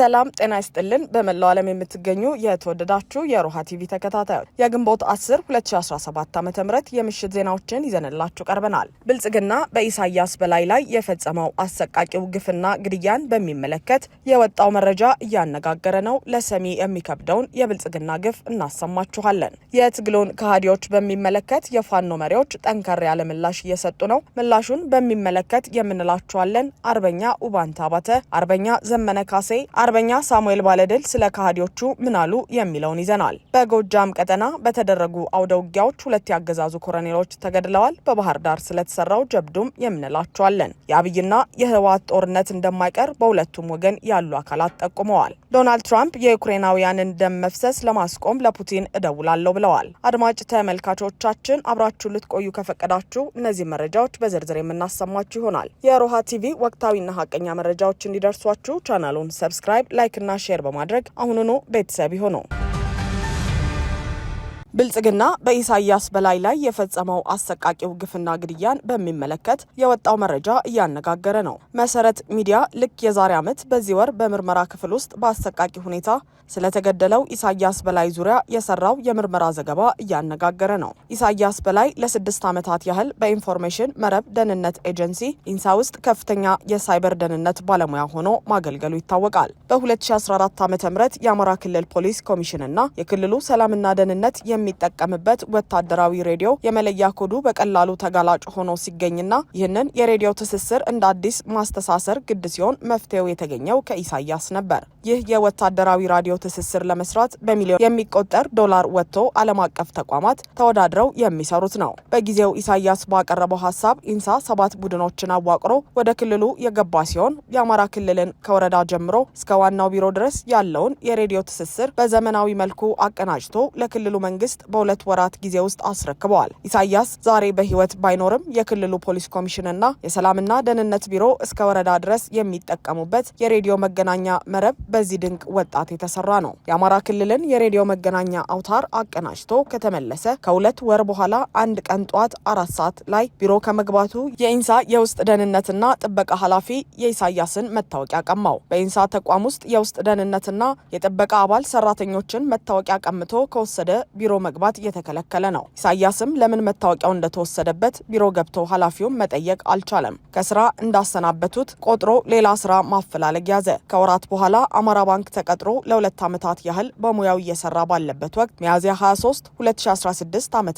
ሰላም ጤና ይስጥልን። በመላው ዓለም የምትገኙ የተወደዳችሁ የሮሃ ቲቪ ተከታታዮች የግንቦት 10 2017 ዓ ም የምሽት ዜናዎችን ይዘንላችሁ ቀርበናል። ብልጽግና በኢሳያስ በላይ ላይ የፈጸመው አሰቃቂው ግፍና ግድያን በሚመለከት የወጣው መረጃ እያነጋገረ ነው። ለሰሚ የሚከብደውን የብልጽግና ግፍ እናሰማችኋለን። የትግሉን ከሃዲዎች በሚመለከት የፋኖ መሪዎች ጠንከር ያለ ምላሽ እየሰጡ ነው። ምላሹን በሚመለከት የምንላችኋለን። አርበኛ ኡባንታ አባተ፣ አርበኛ ዘመነ ካሴ አርበኛ ሳሙኤል ባለድል ስለ ካህዲዎቹ ምን አሉ የሚለውን ይዘናል። በጎጃም ቀጠና በተደረጉ አውደ ውጊያዎች ሁለት ያገዛዙ ኮረኔሎች ተገድለዋል። በባህር ዳር ስለተሰራው ጀብዱም የምንላቸዋለን። የአብይና የህወሓት ጦርነት እንደማይቀር በሁለቱም ወገን ያሉ አካላት ጠቁመዋል። ዶናልድ ትራምፕ የዩክሬናውያንን ደም መፍሰስ ለማስቆም ለፑቲን እደውላለሁ ብለዋል። አድማጭ ተመልካቾቻችን አብራችሁ ልትቆዩ ከፈቀዳችሁ እነዚህ መረጃዎች በዝርዝር የምናሰማችሁ ይሆናል። የሮሃ ቲቪ ወቅታዊና ሀቀኛ መረጃዎች እንዲደርሷችሁ ቻናሉን ሰብስክራይብ ሰብስክራይብ፣ ላይክ እና ሼር በማድረግ አሁኑኑ ቤተሰብ ይሁኑ። ብልጽግና በኢሳያስ በላይ ላይ የፈጸመው አሰቃቂው ግፍና ግድያን በሚመለከት የወጣው መረጃ እያነጋገረ ነው። መሰረት ሚዲያ ልክ የዛሬ ዓመት በዚህ ወር በምርመራ ክፍል ውስጥ በአሰቃቂ ሁኔታ ስለተገደለው ኢሳያስ በላይ ዙሪያ የሰራው የምርመራ ዘገባ እያነጋገረ ነው። ኢሳያስ በላይ ለስድስት ዓመታት ያህል በኢንፎርሜሽን መረብ ደህንነት ኤጀንሲ ኢንሳ ውስጥ ከፍተኛ የሳይበር ደህንነት ባለሙያ ሆኖ ማገልገሉ ይታወቃል። በ2014 ዓ ም የአማራ ክልል ፖሊስ ኮሚሽንና የክልሉ ሰላምና ደህንነት የሚ የሚጠቀምበት ወታደራዊ ሬዲዮ የመለያ ኮዱ በቀላሉ ተጋላጭ ሆኖ ሲገኝና ይህንን የሬዲዮ ትስስር እንደ አዲስ ማስተሳሰር ግድ ሲሆን መፍትሄው የተገኘው ከኢሳያስ ነበር። ይህ የወታደራዊ ራዲዮ ትስስር ለመስራት በሚሊዮን የሚቆጠር ዶላር ወጥቶ ዓለም አቀፍ ተቋማት ተወዳድረው የሚሰሩት ነው። በጊዜው ኢሳያስ ባቀረበው ሀሳብ ኢንሳ ሰባት ቡድኖችን አዋቅሮ ወደ ክልሉ የገባ ሲሆን የአማራ ክልልን ከወረዳ ጀምሮ እስከ ዋናው ቢሮ ድረስ ያለውን የሬዲዮ ትስስር በዘመናዊ መልኩ አቀናጅቶ ለክልሉ መንግስት መንግስት በሁለት ወራት ጊዜ ውስጥ አስረክበዋል። ኢሳያስ ዛሬ በህይወት ባይኖርም የክልሉ ፖሊስ ኮሚሽንና የሰላምና ደህንነት ቢሮ እስከ ወረዳ ድረስ የሚጠቀሙበት የሬዲዮ መገናኛ መረብ በዚህ ድንቅ ወጣት የተሰራ ነው። የአማራ ክልልን የሬዲዮ መገናኛ አውታር አቀናጅቶ ከተመለሰ ከሁለት ወር በኋላ አንድ ቀን ጧት አራት ሰዓት ላይ ቢሮ ከመግባቱ የኢንሳ የውስጥ ደህንነትና ጥበቃ ኃላፊ የኢሳያስን መታወቂያ ቀማው። በኢንሳ ተቋም ውስጥ የውስጥ ደህንነትና የጥበቃ አባል ሰራተኞችን መታወቂያ ቀምቶ ከወሰደ ቢሮ መግባት እየተከለከለ ነው። ኢሳያስም ለምን መታወቂያው እንደተወሰደበት ቢሮ ገብቶ ኃላፊውን መጠየቅ አልቻለም። ከስራ እንዳሰናበቱት ቆጥሮ ሌላ ስራ ማፈላለግ ያዘ። ከወራት በኋላ አማራ ባንክ ተቀጥሮ ለሁለት ዓመታት ያህል በሙያው እየሰራ ባለበት ወቅት ሚያዝያ 23 2016 ዓ ም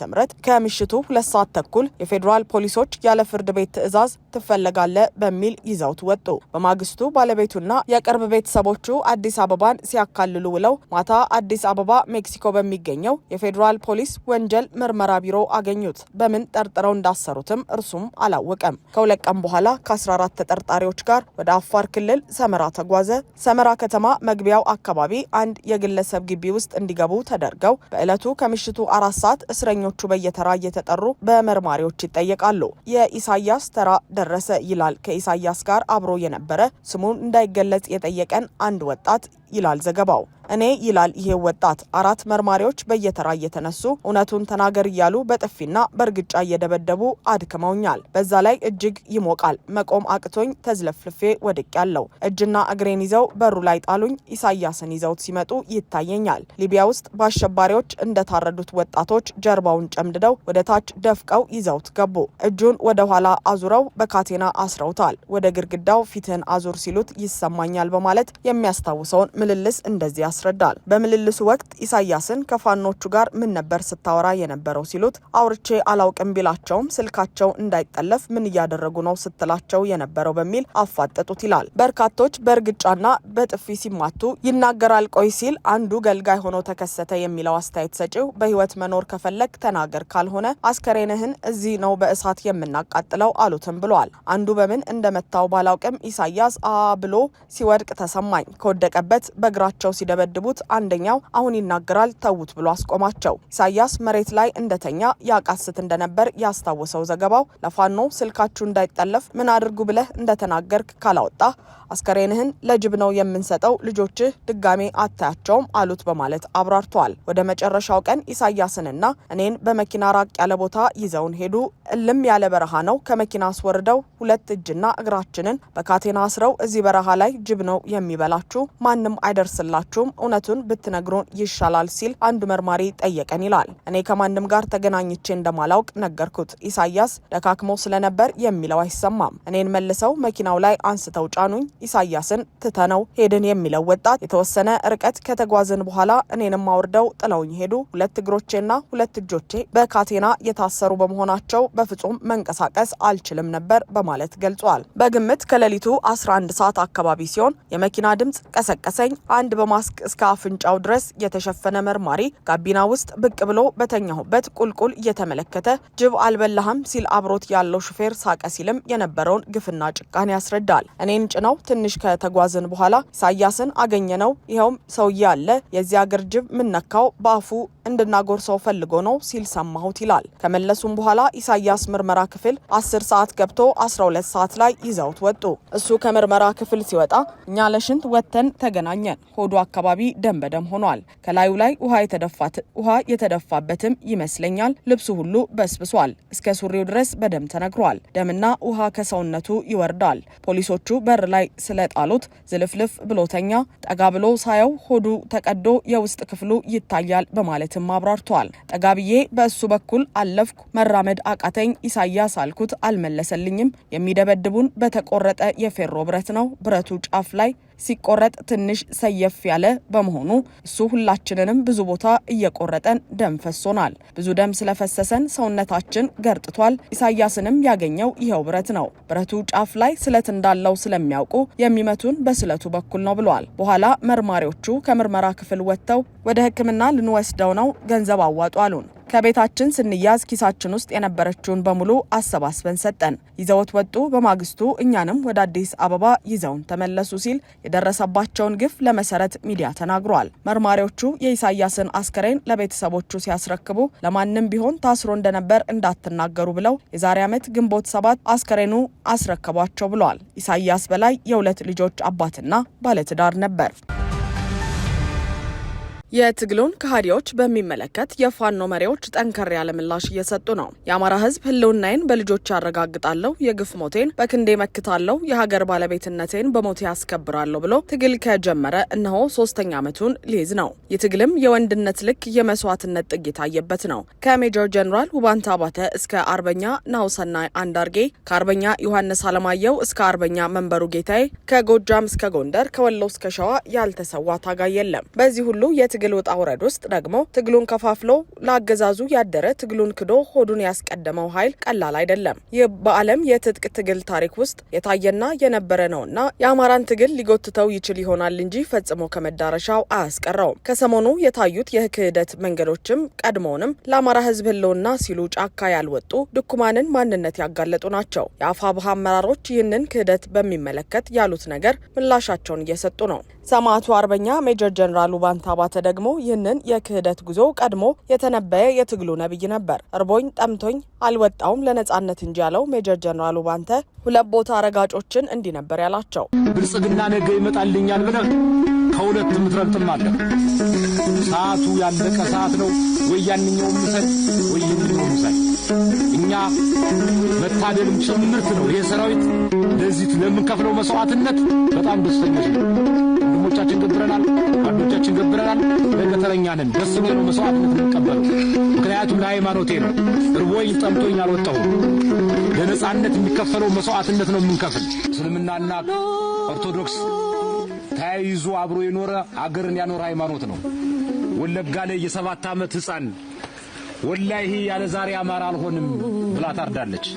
ከምሽቱ ሁለት ሰዓት ተኩል የፌዴራል ፖሊሶች ያለ ፍርድ ቤት ትዕዛዝ ትፈለጋለ በሚል ይዘውት ወጡ። በማግስቱ ባለቤቱና የቅርብ ቤተሰቦቹ አዲስ አበባን ሲያካልሉ ውለው ማታ አዲስ አበባ ሜክሲኮ በሚገኘው የፌ የፌዴራል ፖሊስ ወንጀል ምርመራ ቢሮ አገኙት። በምን ጠርጥረው እንዳሰሩትም እርሱም አላወቀም። ከሁለት ቀን በኋላ ከ14 ተጠርጣሪዎች ጋር ወደ አፋር ክልል ሰመራ ተጓዘ። ሰመራ ከተማ መግቢያው አካባቢ አንድ የግለሰብ ግቢ ውስጥ እንዲገቡ ተደርገው በዕለቱ ከምሽቱ አራት ሰዓት እስረኞቹ በየተራ እየተጠሩ በመርማሪዎች ይጠየቃሉ። የኢሳያስ ተራ ደረሰ ይላል ከኢሳያስ ጋር አብሮ የነበረ ስሙን እንዳይገለጽ የጠየቀን አንድ ወጣት ይላል ዘገባው። እኔ ይላል ይሄ ወጣት አራት መርማሪዎች በየተራ እየተነሱ እውነቱን ተናገር እያሉ በጥፊና በእርግጫ እየደበደቡ አድክመውኛል። በዛ ላይ እጅግ ይሞቃል። መቆም አቅቶኝ ተዝለፍልፌ ወድቅ ያለው እጅና እግሬን ይዘው በሩ ላይ ጣሉኝ። ኢሳያስን ይዘውት ሲመጡ ይታየኛል። ሊቢያ ውስጥ በአሸባሪዎች እንደታረዱት ወጣቶች ጀርባውን ጨምድደው ወደ ታች ደፍቀው ይዘውት ገቡ። እጁን ወደ ኋላ አዙረው በካቴና አስረውታል። ወደ ግድግዳው ፊትህን አዙር ሲሉት ይሰማኛል በማለት የሚያስታውሰውን ምልልስ እንደዚህ ያስረዳል። በምልልሱ ወቅት ኢሳያስን ከፋኖቹ ጋር ምን ነበር ስታወራ የነበረው ሲሉት አውርቼ አላውቅም ቢላቸውም ስልካቸው እንዳይጠለፍ ምን እያደረጉ ነው ስትላቸው የነበረው በሚል አፋጠጡት ይላል። በርካቶች በእርግጫና በጥፊ ሲማቱ ይናገራል። ቆይ ሲል አንዱ ገልጋይ ሆኖ ተከሰተ የሚለው አስተያየት ሰጪው በህይወት መኖር ከፈለግ ተናገር፣ ካልሆነ አስከሬንህን እዚህ ነው በእሳት የምናቃጥለው አሉትም ብሏል። አንዱ በምን እንደመታው ባላውቅም ኢሳያስ አ ብሎ ሲወድቅ ተሰማኝ። ከወደቀበት በእግራቸው ሲደበድቡት አንደኛው አሁን ይናገራል ተዉት ብሎ አስቆማቸው። ናቸው። ኢሳያስ መሬት ላይ እንደተኛ ያቃስት እንደነበር ያስታወሰው ዘገባው ለፋኖ ስልካችሁ እንዳይጠለፍ ምን አድርጉ ብለህ እንደተናገርክ ካላወጣ አስከሬንህን ለጅብ ነው የምንሰጠው፣ ልጆችህ ድጋሜ አታያቸውም አሉት በማለት አብራርተዋል። ወደ መጨረሻው ቀን ኢሳያስንና እኔን በመኪና ራቅ ያለ ቦታ ይዘውን ሄዱ። እልም ያለ በረሃ ነው። ከመኪና አስወርደው ሁለት እጅና እግራችንን በካቴና አስረው እዚህ በረሃ ላይ ጅብ ነው የሚበላችሁ፣ ማንም አይደርስላችሁም፣ እውነቱን ብትነግሩን ይሻላል ሲል አንዱ መርማሪ ጠ ጠየቀን ይላል። እኔ ከማንም ጋር ተገናኝቼ እንደማላውቅ ነገርኩት። ኢሳያስ ደካክሞ ስለነበር የሚለው አይሰማም። እኔን መልሰው መኪናው ላይ አንስተው ጫኑኝ። ኢሳያስን ትተነው ሄድን የሚለው ወጣት የተወሰነ ርቀት ከተጓዝን በኋላ እኔንም አውርደው ጥለውኝ ሄዱ። ሁለት እግሮቼና ሁለት እጆቼ በካቴና የታሰሩ በመሆናቸው በፍጹም መንቀሳቀስ አልችልም ነበር በማለት ገልጿል። በግምት ከሌሊቱ 11 ሰዓት አካባቢ ሲሆን የመኪና ድምፅ ቀሰቀሰኝ። አንድ በማስክ እስከ አፍንጫው ድረስ የተሸፈነ መርማሪ ጋቢና ውስጥ ውስጥ ብቅ ብሎ በተኛሁበት ቁልቁል እየተመለከተ ጅብ አልበላህም ሲል አብሮት ያለው ሹፌር ሳቀ ሲልም የነበረውን ግፍና ጭካኔ ያስረዳል። እኔን ጭነው ትንሽ ከተጓዝን በኋላ ኢሳያስን ነው። ይኸውም ሰውዬ አለ የዚያ አገር ጅብ ምነካው በአፉ እንድናጎርሰው ፈልጎ ነው ሲል ሰማሁት ይላል። ከመለሱም በኋላ ኢሳያስ ምርመራ ክፍል አስር ሰዓት ገብቶ አስራ ሁለት ሰዓት ላይ ይዘውት ወጡ። እሱ ከምርመራ ክፍል ሲወጣ እኛ ለሽንት ወጥተን ተገናኘን። ሆዱ አካባቢ ደም በደም ሆኗል። ከላዩ ላይ ውሃ የተደፋ ውሃ ውሃ የተደፋበትም ይመስለኛል። ልብሱ ሁሉ በስብሷል። እስከ ሱሪው ድረስ በደም ተነግሯል። ደምና ውሃ ከሰውነቱ ይወርዳል። ፖሊሶቹ በር ላይ ስለጣሉት ዝልፍልፍ ብሎተኛ ጠጋ ብሎ ሳየው ሆዱ ተቀዶ የውስጥ ክፍሉ ይታያል በማለትም አብራርቷል። ጠጋ ብዬ በእሱ በኩል አለፍኩ። መራመድ አቃተኝ። ኢሳያስ አልኩት፣ አልመለሰልኝም። የሚደበድቡን በተቆረጠ የፌሮ ብረት ነው። ብረቱ ጫፍ ላይ ሲቆረጥ ትንሽ ሰየፍ ያለ በመሆኑ እሱ ሁላችንንም ብዙ ቦታ እየቆረጠን ደም ፈሶናል። ብዙ ደም ስለፈሰሰን ሰውነታችን ገርጥቷል። ኢሳያስንም ያገኘው ይኸው ብረት ነው። ብረቱ ጫፍ ላይ ስለት እንዳለው ስለሚያውቁ የሚመቱን በስለቱ በኩል ነው ብሏል። በኋላ መርማሪዎቹ ከምርመራ ክፍል ወጥተው ወደ ሕክምና ልንወስደው ነው፣ ገንዘብ አዋጡ አሉን። ከቤታችን ስንያዝ ኪሳችን ውስጥ የነበረችውን በሙሉ አሰባስበን ሰጠን። ይዘውት ወጡ። በማግስቱ እኛንም ወደ አዲስ አበባ ይዘውን ተመለሱ ሲል የደረሰባቸውን ግፍ ለመሰረት ሚዲያ ተናግሯል። መርማሪዎቹ የኢሳያስን አስከሬን ለቤተሰቦቹ ሲያስረክቡ ለማንም ቢሆን ታስሮ እንደነበር እንዳትናገሩ ብለው የዛሬ ዓመት ግንቦት ሰባት አስከሬኑ አስረከቧቸው ብለዋል። ኢሳያስ በላይ የሁለት ልጆች አባትና ባለትዳር ነበር። የትግሉን ከሃዲዎች በሚመለከት የፋኖ መሪዎች ጠንከር ያለ ምላሽ እየሰጡ ነው። የአማራ ህዝብ ህልውናዬን በልጆች ያረጋግጣለሁ፣ የግፍ ሞቴን በክንዴ መክታለሁ፣ የሀገር ባለቤትነቴን በሞቴ ያስከብራለሁ ብሎ ትግል ከጀመረ እነሆ ሶስተኛ ዓመቱን ሊይዝ ነው። የትግልም የወንድነት ልክ የመስዋዕትነት ጥግ የታየበት ነው። ከሜጀር ጀኔራል ውባንታ አባተ እስከ አርበኛ ናውሰና አንዳርጌ፣ ከአርበኛ ዮሐንስ አለማየሁ እስከ አርበኛ መንበሩ ጌታዬ፣ ከጎጃም እስከ ጎንደር፣ ከወሎ እስከ ሸዋ ያልተሰዋ ታጋይ የለም። በዚህ ሁሉ የት የትግል ውጣ ውረድ ውስጥ ደግሞ ትግሉን ከፋፍሎ ለአገዛዙ ያደረ ትግሉን ክዶ ሆዱን ያስቀደመው ኃይል ቀላል አይደለም። ይህ በዓለም የትጥቅ ትግል ታሪክ ውስጥ የታየና የነበረ ነውና የአማራን ትግል ሊጎትተው ይችል ይሆናል እንጂ ፈጽሞ ከመዳረሻው አያስቀረውም። ከሰሞኑ የታዩት የክህደት መንገዶችም ቀድሞውንም ለአማራ ህዝብ ህልውና ሲሉ ጫካ ያልወጡ ድኩማንን ማንነት ያጋለጡ ናቸው። የአፋብሃ አመራሮች ይህንን ክህደት በሚመለከት ያሉት ነገር ምላሻቸውን እየሰጡ ነው። ሰማዕቱ አርበኛ ሜጀር ጀነራሉ ባንታ ባተደ ደግሞ ይህንን የክህደት ጉዞ ቀድሞ የተነበየ የትግሉ ነብይ ነበር። እርቦኝ ጠምቶኝ አልወጣውም ለነጻነት እንጂ ያለው ሜጀር ጀነራሉ ባንተ ሁለት ቦታ ረጋጮችን እንዲህ ነበር ያላቸው። ብልጽግና ነገ ይመጣልኛል ብለህ ከሁለት የምትረግጥም አለ። ሰዓቱ ያለቀ ሰዓት ነው። ወይ ያንኛው ምሰል ወይ የኛውም ምሰል። እኛ መታደልም ጭምርት ነው። ይህ ሰራዊት ለዚህ ለምንከፍለው መስዋዕትነት በጣም ደስተኞች ነው። ወንድሞቻችን ገብረናል፣ ጓዶቻችን ገብረናል። በገተረኛ ደስ ብሎ ነው መስዋዕትነት የምንቀበለው። ምክንያቱም ለሃይማኖቴ ነው። እርቦኝ ጠምቶኝ አልወጣሁም። ለነጻነት የሚከፈለው መስዋዕትነት ነው የምንከፍል። እስልምናና ኦርቶዶክስ ተያይዞ አብሮ የኖረ አገርን ያኖረ ሃይማኖት ነው። ወለጋ ላይ የሰባት ዓመት ሕፃን ወላሂ ያለ ዛሬ አማራ አልሆንም ብላ ታርዳለች።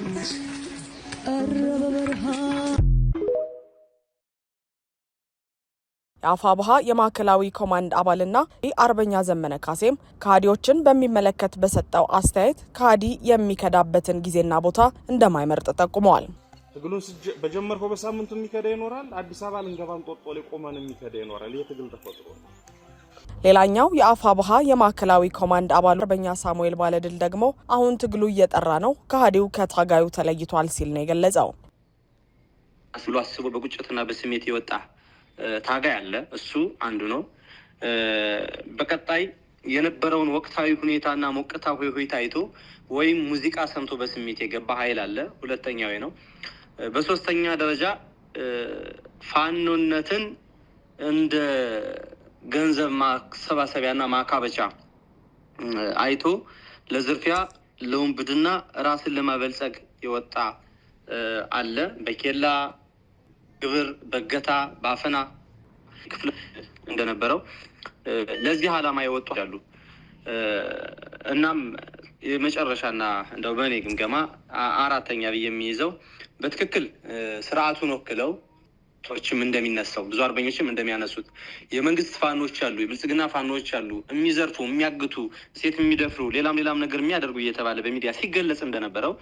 የአፋብሃ የማዕከላዊ ኮማንድ አባልና አርበኛ ዘመነ ካሴም ከሃዲዎችን በሚመለከት በሰጠው አስተያየት ከሃዲ የሚከዳበትን ጊዜና ቦታ እንደማይመርጥ ጠቁመዋል። ትግሉን በጀመርከው በሳምንቱ የሚከዳ ይኖራል። አዲስ አበባ ልንገባን ጦጦ ላይ ቆመን የሚከዳ ይኖራል። ይህ ትግል ተፈጥሮ ሌላኛው የአፋብሃ የማዕከላዊ ኮማንድ አባል አርበኛ ሳሙኤል ባለድል ደግሞ አሁን ትግሉ እየጠራ ነው፣ ከሃዲው ከታጋዩ ተለይቷል ሲል ነው የገለጸው። አስሎ አስቦ በቁጭትና በስሜት የወጣ ታጋይ አለ። እሱ አንዱ ነው። በቀጣይ የነበረውን ወቅታዊ ሁኔታና ሞቅታዊ ሁኔታ አይቶ ወይም ሙዚቃ ሰምቶ በስሜት የገባ ኃይል አለ። ሁለተኛው ነው። በሶስተኛ ደረጃ ፋኖነትን እንደ ገንዘብ ማሰባሰቢያና ማካበቻ አይቶ ለዝርፊያ፣ ለውንብድና ራስን ለማበልጸግ የወጣ አለ በኬላ ግብር በገታ በአፈና ክፍል እንደነበረው ለዚህ ዓላማ የወጡ ያሉ እናም የመጨረሻና እንደው በእኔ ግምገማ አራተኛ ብዬ የሚይዘው በትክክል ስርዓቱን ወክለው ቶችም እንደሚነሳው ብዙ አርበኞችም እንደሚያነሱት የመንግስት ፋኖች አሉ፣ የብልጽግና ፋኖች አሉ፣ የሚዘርፉ የሚያግቱ፣ ሴት የሚደፍሩ ሌላም ሌላም ነገር የሚያደርጉ እየተባለ በሚዲያ ሲገለጽ እንደነበረው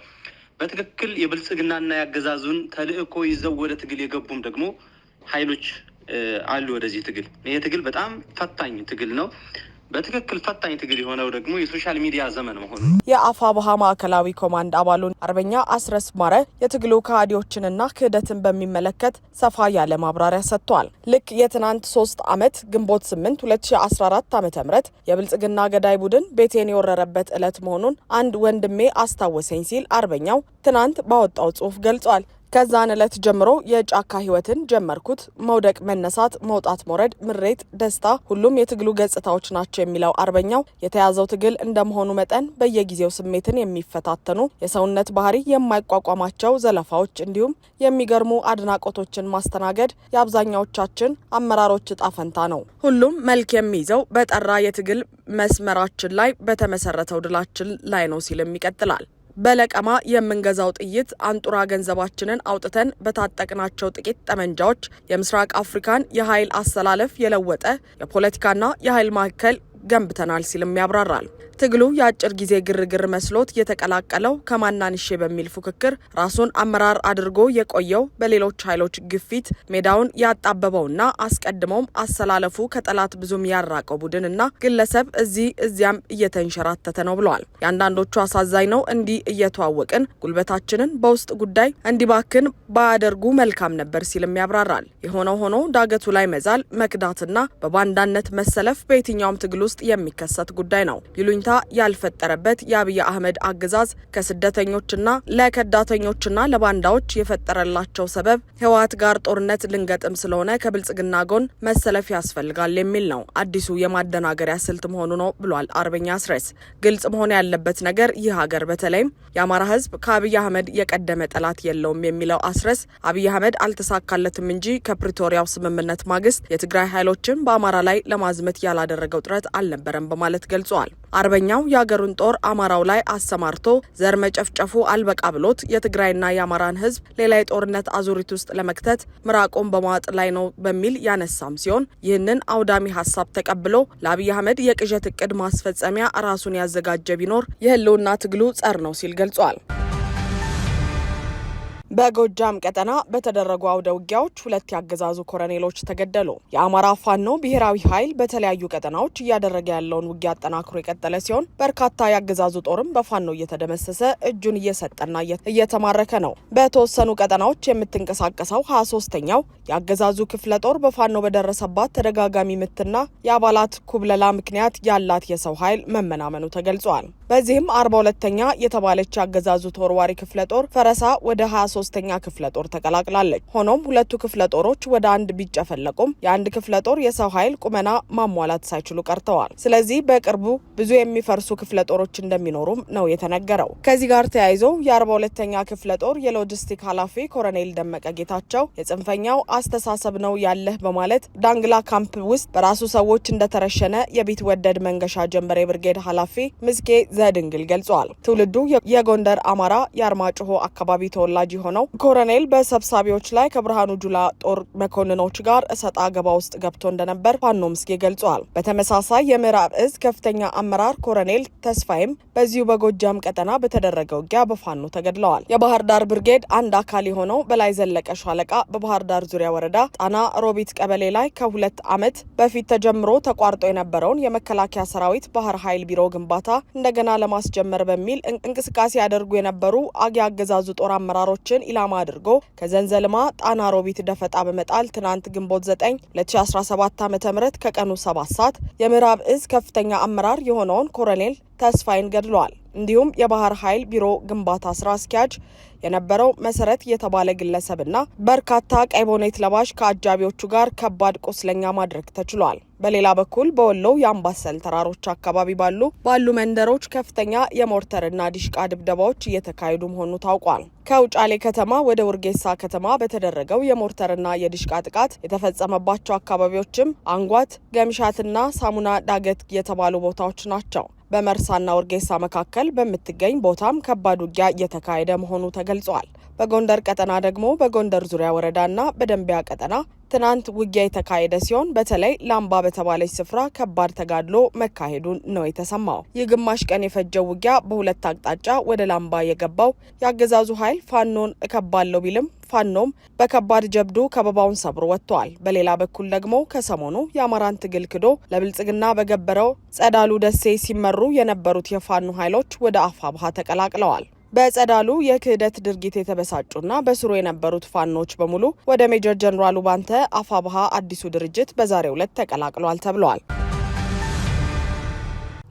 በትክክል የብልጽግናና ያገዛዙን ተልእኮ ይዘው ወደ ትግል የገቡም ደግሞ ኃይሎች አሉ። ወደዚህ ትግል ይሄ ትግል በጣም ፈታኝ ትግል ነው። በትክክል ፈታኝ ትግል የሆነው ደግሞ የሶሻል ሚዲያ ዘመን መሆኑ ነው። የአፋብኃ ማዕከላዊ ኮማንድ አባሉን አርበኛ አስረስ ማረ የትግሉ ከሃዲዎችንና ክህደትን በሚመለከት ሰፋ ያለ ማብራሪያ ሰጥቷል። ልክ የትናንት ሶስት ዓመት ግንቦት 8 2014 ዓ.ም የብልጽግና ገዳይ ቡድን ቤቴን የወረረበት ዕለት መሆኑን አንድ ወንድሜ አስታወሰኝ ሲል አርበኛው ትናንት ባወጣው ጽሑፍ ገልጿል። ከዛን ዕለት ጀምሮ የጫካ ህይወትን ጀመርኩት። መውደቅ፣ መነሳት፣ መውጣት፣ መውረድ፣ ምሬት፣ ደስታ ሁሉም የትግሉ ገጽታዎች ናቸው የሚለው አርበኛው የተያዘው ትግል እንደመሆኑ መጠን በየጊዜው ስሜትን የሚፈታተኑ የሰውነት ባህሪ የማይቋቋማቸው ዘለፋዎች፣ እንዲሁም የሚገርሙ አድናቆቶችን ማስተናገድ የአብዛኛዎቻችን አመራሮች እጣ ፈንታ ነው። ሁሉም መልክ የሚይዘው በጠራ የትግል መስመራችን ላይ በተመሰረተው ድላችን ላይ ነው ሲልም ይቀጥላል። በለቀማ የምንገዛው ጥይት አንጡራ ገንዘባችንን አውጥተን በታጠቅናቸው ጥቂት ጠመንጃዎች የምስራቅ አፍሪካን የኃይል አሰላለፍ የለወጠ የፖለቲካና የኃይል ማዕከል ገንብተናል ሲልም ያብራራል። ትግሉ የአጭር ጊዜ ግርግር መስሎት የተቀላቀለው ከማናንሼ በሚል ፉክክር ራሱን አመራር አድርጎ የቆየው በሌሎች ኃይሎች ግፊት ሜዳውን ያጣበበውና አስቀድመውም አሰላለፉ ከጠላት ብዙም ያራቀው ቡድንና ግለሰብ እዚህ እዚያም እየተንሸራተተ ነው ብለዋል። የአንዳንዶቹ አሳዛኝ ነው። እንዲህ እየተዋወቅን ጉልበታችንን በውስጥ ጉዳይ እንዲባክን ባያደርጉ መልካም ነበር ሲልም ያብራራል። የሆነው ሆኖ ዳገቱ ላይ መዛል መክዳትና በባንዳነት መሰለፍ በየትኛውም ትግል ውስጥ የሚከሰት ጉዳይ ነው። ይሉኝታ ያልፈጠረበት የአብይ አህመድ አገዛዝ ከስደተኞችና ለከዳተኞችና ለባንዳዎች የፈጠረላቸው ሰበብ ህወሓት ጋር ጦርነት ልንገጥም ስለሆነ ከብልጽግና ጎን መሰለፍ ያስፈልጋል የሚል ነው አዲሱ የማደናገሪያ ስልት መሆኑ ነው ብሏል አርበኛ ስረስ። ግልጽ መሆን ያለበት ነገር ይህ ሀገር በተለይም የአማራ ህዝብ ከአብይ አህመድ የቀደመ ጠላት የለውም የሚለው አስረስ አብይ አህመድ አልተሳካለትም እንጂ ከፕሪቶሪያው ስምምነት ማግስት የትግራይ ኃይሎችን በአማራ ላይ ለማዝመት ያላደረገው ጥረት አልነበረም በማለት ገልጸዋል። አርበኛው የአገሩን ጦር አማራው ላይ አሰማርቶ ዘር መጨፍጨፉ አልበቃ ብሎት የትግራይና የአማራን ህዝብ ሌላ የጦርነት አዙሪት ውስጥ ለመክተት ምራቆን በመዋጥ ላይ ነው በሚል ያነሳም ሲሆን ይህንን አውዳሚ ሀሳብ ተቀብሎ ለአብይ አህመድ የቅዠት እቅድ ማስፈጸሚያ ራሱን ያዘጋጀ ቢኖር የህልውና ትግሉ ጸር ነው ሲል ገልጿል። በጎጃም ቀጠና በተደረጉ አውደ ውጊያዎች ሁለት ያገዛዙ ኮረኔሎች ተገደሉ። የአማራ ፋኖ ብሔራዊ ኃይል በተለያዩ ቀጠናዎች እያደረገ ያለውን ውጊያ አጠናክሮ የቀጠለ ሲሆን በርካታ የአገዛዙ ጦርም በፋኖ እየተደመሰሰ እጁን እየሰጠና እየተማረከ ነው። በተወሰኑ ቀጠናዎች የምትንቀሳቀሰው ሀያ ሶስተኛው የአገዛዙ ክፍለ ጦር በፋኖ በደረሰባት ተደጋጋሚ ምትና የአባላት ኩብለላ ምክንያት ያላት የሰው ኃይል መመናመኑ ተገልጿል። በዚህም አርባ ሁለተኛ የተባለች የአገዛዙ ተወርዋሪ ክፍለ ጦር ፈረሳ ወደ ሀያ ሶስተኛ ክፍለ ጦር ተቀላቅላለች። ሆኖም ሁለቱ ክፍለ ጦሮች ወደ አንድ ቢጨፈለቁም የአንድ ክፍለ ጦር የሰው ኃይል ቁመና ማሟላት ሳይችሉ ቀርተዋል። ስለዚህ በቅርቡ ብዙ የሚፈርሱ ክፍለ ጦሮች እንደሚኖሩም ነው የተነገረው። ከዚህ ጋር ተያይዞ የአርባ ሁለተኛ ክፍለ ጦር የሎጂስቲክ ኃላፊ ኮሎኔል ደመቀ ጌታቸው የጽንፈኛው አስተሳሰብ ነው ያለህ በማለት ዳንግላ ካምፕ ውስጥ በራሱ ሰዎች እንደተረሸነ ወደድ መንገሻ ጀንበሬ ብርጌድ ኃላፊ ምስጌ ዘድንግል ገልጿል። ትውልዱ የጎንደር አማራ የአርማጭሆ አካባቢ ተወላጅ የሆነ ነው። ኮረኔል በሰብሳቢዎች ላይ ከብርሃኑ ጁላ ጦር መኮንኖች ጋር እሰጣ ገባ ውስጥ ገብቶ እንደነበር ፋኖ ምስጌ ገልጿል። በተመሳሳይ የምዕራብ እዝ ከፍተኛ አመራር ኮረኔል ተስፋይም በዚሁ በጎጃም ቀጠና በተደረገ ውጊያ በፋኖ ተገድለዋል። የባህር ዳር ብርጌድ አንድ አካል የሆነው በላይ ዘለቀ ሻለቃ በባህር ዳር ዙሪያ ወረዳ ጣና ሮቢት ቀበሌ ላይ ከሁለት ዓመት በፊት ተጀምሮ ተቋርጦ የነበረውን የመከላከያ ሰራዊት ባህር ኃይል ቢሮ ግንባታ እንደገና ለማስጀመር በሚል እንቅስቃሴ ያደርጉ የነበሩ አጊ አገዛዙ ጦር አመራሮችን ሰዎችን ኢላማ አድርጎ ከዘንዘልማ ጣና ሮቢት ደፈጣ በመጣል ትናንት ግንቦት 9 2017 ዓ ም ከቀኑ 7 ሰዓት የምዕራብ እዝ ከፍተኛ አመራር የሆነውን ኮሎኔል ተስፋይን ገድሏል። እንዲሁም የባህር ኃይል ቢሮ ግንባታ ስራ አስኪያጅ የነበረው መሰረት የተባለ ግለሰብና በርካታ ቀይ ቦኔት ለባሽ ከአጃቢዎቹ ጋር ከባድ ቁስለኛ ማድረግ ተችሏል። በሌላ በኩል በወሎ የአምባሰል ተራሮች አካባቢ ባሉ ባሉ መንደሮች ከፍተኛ የሞርተርና ዲሽቃ ድብደባዎች እየተካሄዱ መሆኑ ታውቋል። ከውጫሌ ከተማ ወደ ውርጌሳ ከተማ በተደረገው የሞርተርና የዲሽቃ ጥቃት የተፈጸመባቸው አካባቢዎችም አንጓት፣ ገምሻትና ሳሙና ዳገት የተባሉ ቦታዎች ናቸው። በመርሳና ወርጌሳ መካከል በምትገኝ ቦታም ከባድ ውጊያ እየተካሄደ መሆኑ ተገልጿል። በጎንደር ቀጠና ደግሞ በጎንደር ዙሪያ ወረዳና በደንቢያ ቀጠና ትናንት ውጊያ የተካሄደ ሲሆን በተለይ ላምባ በተባለች ስፍራ ከባድ ተጋድሎ መካሄዱን ነው የተሰማው። ይህ ግማሽ ቀን የፈጀው ውጊያ በሁለት አቅጣጫ ወደ ላምባ የገባው የአገዛዙ ኃይል ፋኖን እከባለው ቢልም ፋኖም በከባድ ጀብዱ ከበባውን ሰብሮ ወጥተዋል። በሌላ በኩል ደግሞ ከሰሞኑ የአማራን ትግል ክዶ ለብልጽግና በገበረው ጸዳሉ ደሴ ሲመሩ የነበሩት የፋኖ ኃይሎች ወደ አፋብሃ ተቀላቅለዋል። በጸዳሉ የክህደት ድርጊት የተበሳጩና በስሩ የነበሩት ፋኖች በሙሉ ወደ ሜጀር ጀኔራሉ ባንተ አፋብሃ አዲሱ ድርጅት በዛሬው ዕለት ተቀላቅሏል ተብሏል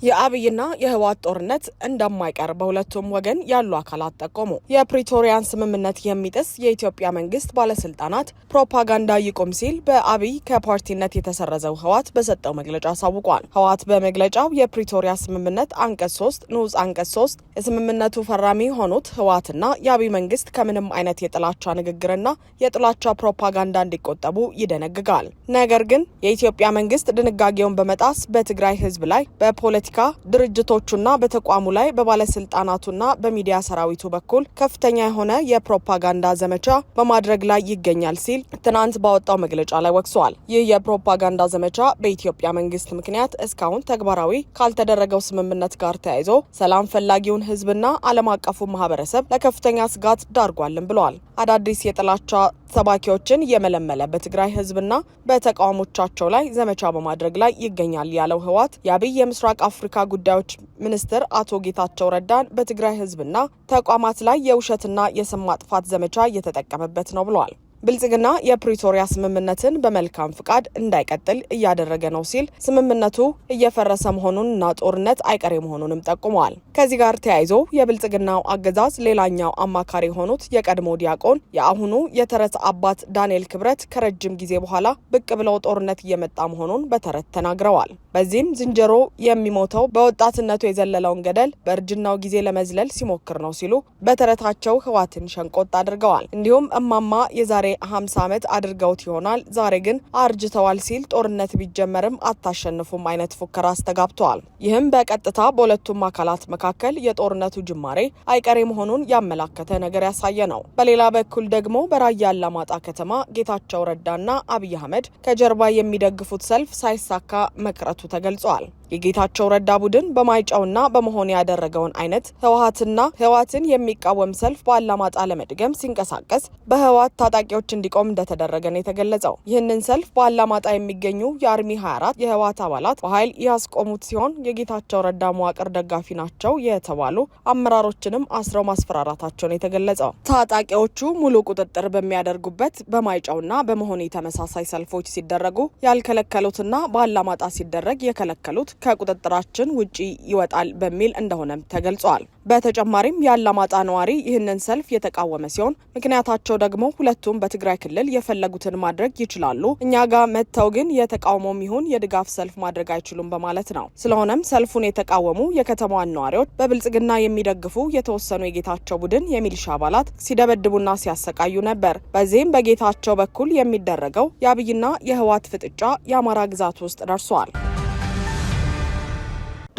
የአብይና የህወሓት ጦርነት እንደማይቀር በሁለቱም ወገን ያሉ አካላት ጠቆሙ። የፕሪቶሪያን ስምምነት የሚጥስ የኢትዮጵያ መንግስት ባለስልጣናት ፕሮፓጋንዳ ይቁም ሲል በአብይ ከፓርቲነት የተሰረዘው ህወሓት በሰጠው መግለጫ አሳውቋል። ህወሓት በመግለጫው የፕሪቶሪያ ስምምነት አንቀጽ ሶስት ንዑስ አንቀጽ ሶስት የስምምነቱ ፈራሚ የሆኑት ህወሓትና የአብይ መንግስት ከምንም አይነት የጥላቻ ንግግርና የጥላቻ ፕሮፓጋንዳ እንዲቆጠቡ ይደነግጋል። ነገር ግን የኢትዮጵያ መንግስት ድንጋጌውን በመጣስ በትግራይ ህዝብ ላይ በፖለቲ ፖለቲካ ድርጅቶቹና በተቋሙ ላይ በባለስልጣናቱና በሚዲያ ሰራዊቱ በኩል ከፍተኛ የሆነ የፕሮፓጋንዳ ዘመቻ በማድረግ ላይ ይገኛል ሲል ትናንት ባወጣው መግለጫ ላይ ወቅሰዋል። ይህ የፕሮፓጋንዳ ዘመቻ በኢትዮጵያ መንግስት ምክንያት እስካሁን ተግባራዊ ካልተደረገው ስምምነት ጋር ተያይዞ ሰላም ፈላጊውን ህዝብና ዓለም አቀፉ ማህበረሰብ ለከፍተኛ ስጋት ዳርጓልን ብለዋል። አዳዲስ የጥላቻ ሰባኪዎችን የመለመለ በትግራይ ህዝብና በተቃውሞቻቸው ላይ ዘመቻ በማድረግ ላይ ይገኛል ያለው ህወሓት የአብይ የምስራቅ አፍሪካ ጉዳዮች ሚኒስትር አቶ ጌታቸው ረዳን በትግራይ ህዝብና ተቋማት ላይ የውሸትና የስም ማጥፋት ዘመቻ እየተጠቀመበት ነው ብለዋል። ብልጽግና የፕሪቶሪያ ስምምነትን በመልካም ፍቃድ እንዳይቀጥል እያደረገ ነው ሲል ስምምነቱ እየፈረሰ እና ጦርነት አይቀሬ መሆኑንም ጠቁመዋል። ከዚህ ጋር ተያይዞ የብልጽግናው አገዛዝ ሌላኛው አማካሪ የሆኑት የቀድሞ ዲያቆን የአሁኑ የተረት አባት ዳንኤል ክብረት ከረጅም ጊዜ በኋላ ብቅ ብለው ጦርነት እየመጣ መሆኑን በተረት ተናግረዋል። በዚህም ዝንጀሮ የሚሞተው በወጣትነቱ የዘለለውን ገደል በእርጅናው ጊዜ ለመዝለል ሲሞክር ነው ሲሉ በተረታቸው ህዋትን ሸንቆጥ አድርገዋል። እንዲሁም እማማ የዛሬ 50 ዓመት አድርገውት ይሆናል፣ ዛሬ ግን አርጅተዋል ሲል ጦርነት ቢጀመርም አታሸንፉም አይነት ፉከራ አስተጋብተዋል። ይህም በቀጥታ በሁለቱም አካላት መካከል የጦርነቱ ጅማሬ አይቀሬ መሆኑን ያመላከተ ነገር ያሳየ ነው። በሌላ በኩል ደግሞ በራያ አላማጣ ከተማ ጌታቸው ረዳና አብይ አህመድ ከጀርባ የሚደግፉት ሰልፍ ሳይሳካ መቅረቱ ተገልጿል። የጌታቸው ረዳ ቡድን በማይጫውና በመሆን ያደረገውን አይነት ህወሀትና ህወሀትን የሚቃወም ሰልፍ በአላማጣ ለመድገም ሲንቀሳቀስ በህወሀት ታጣቂዎች ግድያዎች እንዲቆም እንደተደረገ ነው የተገለጸው። ይህንን ሰልፍ በአላማጣ የሚገኙ የአርሚ 24 የህወሓት አባላት በኃይል ያስቆሙት ሲሆን የጌታቸው ረዳ መዋቅር ደጋፊ ናቸው የተባሉ አመራሮችንም አስረው ማስፈራራታቸው ነው የተገለጸው። ታጣቂዎቹ ሙሉ ቁጥጥር በሚያደርጉበት በማይጨውና በመሆኑ ተመሳሳይ ሰልፎች ሲደረጉ ያልከለከሉትና በአላማጣ ሲደረግ የከለከሉት ከቁጥጥራችን ውጪ ይወጣል በሚል እንደሆነም ተገልጿል። በተጨማሪም የአላማጣ ነዋሪ ይህንን ሰልፍ የተቃወመ ሲሆን ምክንያታቸው ደግሞ ሁለቱም በትግራይ ክልል የፈለጉትን ማድረግ ይችላሉ፣ እኛ ጋር መጥተው ግን የተቃውሞም ይሁን የድጋፍ ሰልፍ ማድረግ አይችሉም በማለት ነው። ስለሆነም ሰልፉን የተቃወሙ የከተማዋን ነዋሪዎች በብልጽግና የሚደግፉ የተወሰኑ የጌታቸው ቡድን የሚሊሻ አባላት ሲደበድቡና ሲያሰቃዩ ነበር። በዚህም በጌታቸው በኩል የሚደረገው የአብይና የህወሓት ፍጥጫ የአማራ ግዛት ውስጥ ደርሷል።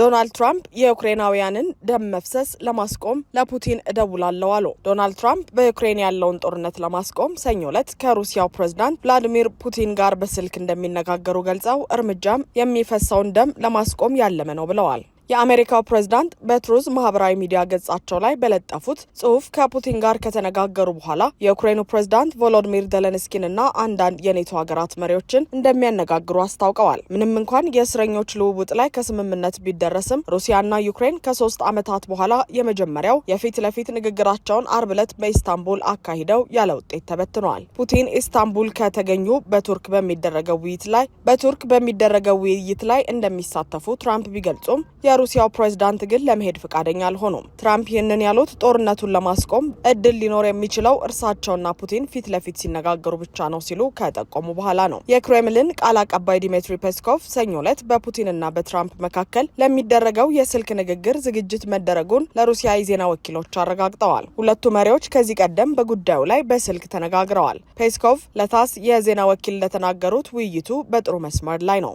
ዶናልድ ትራምፕ የዩክሬናውያንን ደም መፍሰስ ለማስቆም ለፑቲን እደውላለሁ አሉ። ዶናልድ ትራምፕ በዩክሬን ያለውን ጦርነት ለማስቆም ሰኞ ዕለት ከሩሲያው ፕሬዝዳንት ቭላዲሚር ፑቲን ጋር በስልክ እንደሚነጋገሩ ገልጸው እርምጃም የሚፈሰውን ደም ለማስቆም ያለመ ነው ብለዋል። የአሜሪካው ፕሬዝዳንት በትሩዝ ማህበራዊ ሚዲያ ገጻቸው ላይ በለጠፉት ጽሁፍ ከፑቲን ጋር ከተነጋገሩ በኋላ የዩክሬኑ ፕሬዝዳንት ቮሎዲሚር እና አንዳንድ የኔቶ ሀገራት መሪዎችን እንደሚያነጋግሩ አስታውቀዋል። ምንም እንኳን የእስረኞች ልውውጥ ላይ ከስምምነት ቢደረስም ሩሲያና ዩክሬን ከሶስት ዓመታት በኋላ የመጀመሪያው የፊት ለፊት ንግግራቸውን አርብ ዕለት በኢስታንቡል አካሂደው ያለ ውጤት ተበትነዋል። ፑቲን ኢስታንቡል ከተገኙ በቱርክ በሚደረገው ውይይት ላይ በቱርክ በሚደረገው ውይይት ላይ እንደሚሳተፉ ትራምፕ ቢገልጹም የሩሲያው ፕሬዝዳንት ግን ለመሄድ ፈቃደኛ አልሆኑም። ትራምፕ ይህንን ያሉት ጦርነቱን ለማስቆም እድል ሊኖር የሚችለው እርሳቸውና ፑቲን ፊት ለፊት ሲነጋገሩ ብቻ ነው ሲሉ ከጠቆሙ በኋላ ነው። የክሬምሊን ቃል አቀባይ ዲሜትሪ ፔስኮቭ ሰኞ ዕለት በፑቲንና በትራምፕ መካከል ለሚደረገው የስልክ ንግግር ዝግጅት መደረጉን ለሩሲያ የዜና ወኪሎች አረጋግጠዋል። ሁለቱ መሪዎች ከዚህ ቀደም በጉዳዩ ላይ በስልክ ተነጋግረዋል። ፔስኮቭ ለታስ የዜና ወኪል እንደተናገሩት ውይይቱ በጥሩ መስመር ላይ ነው።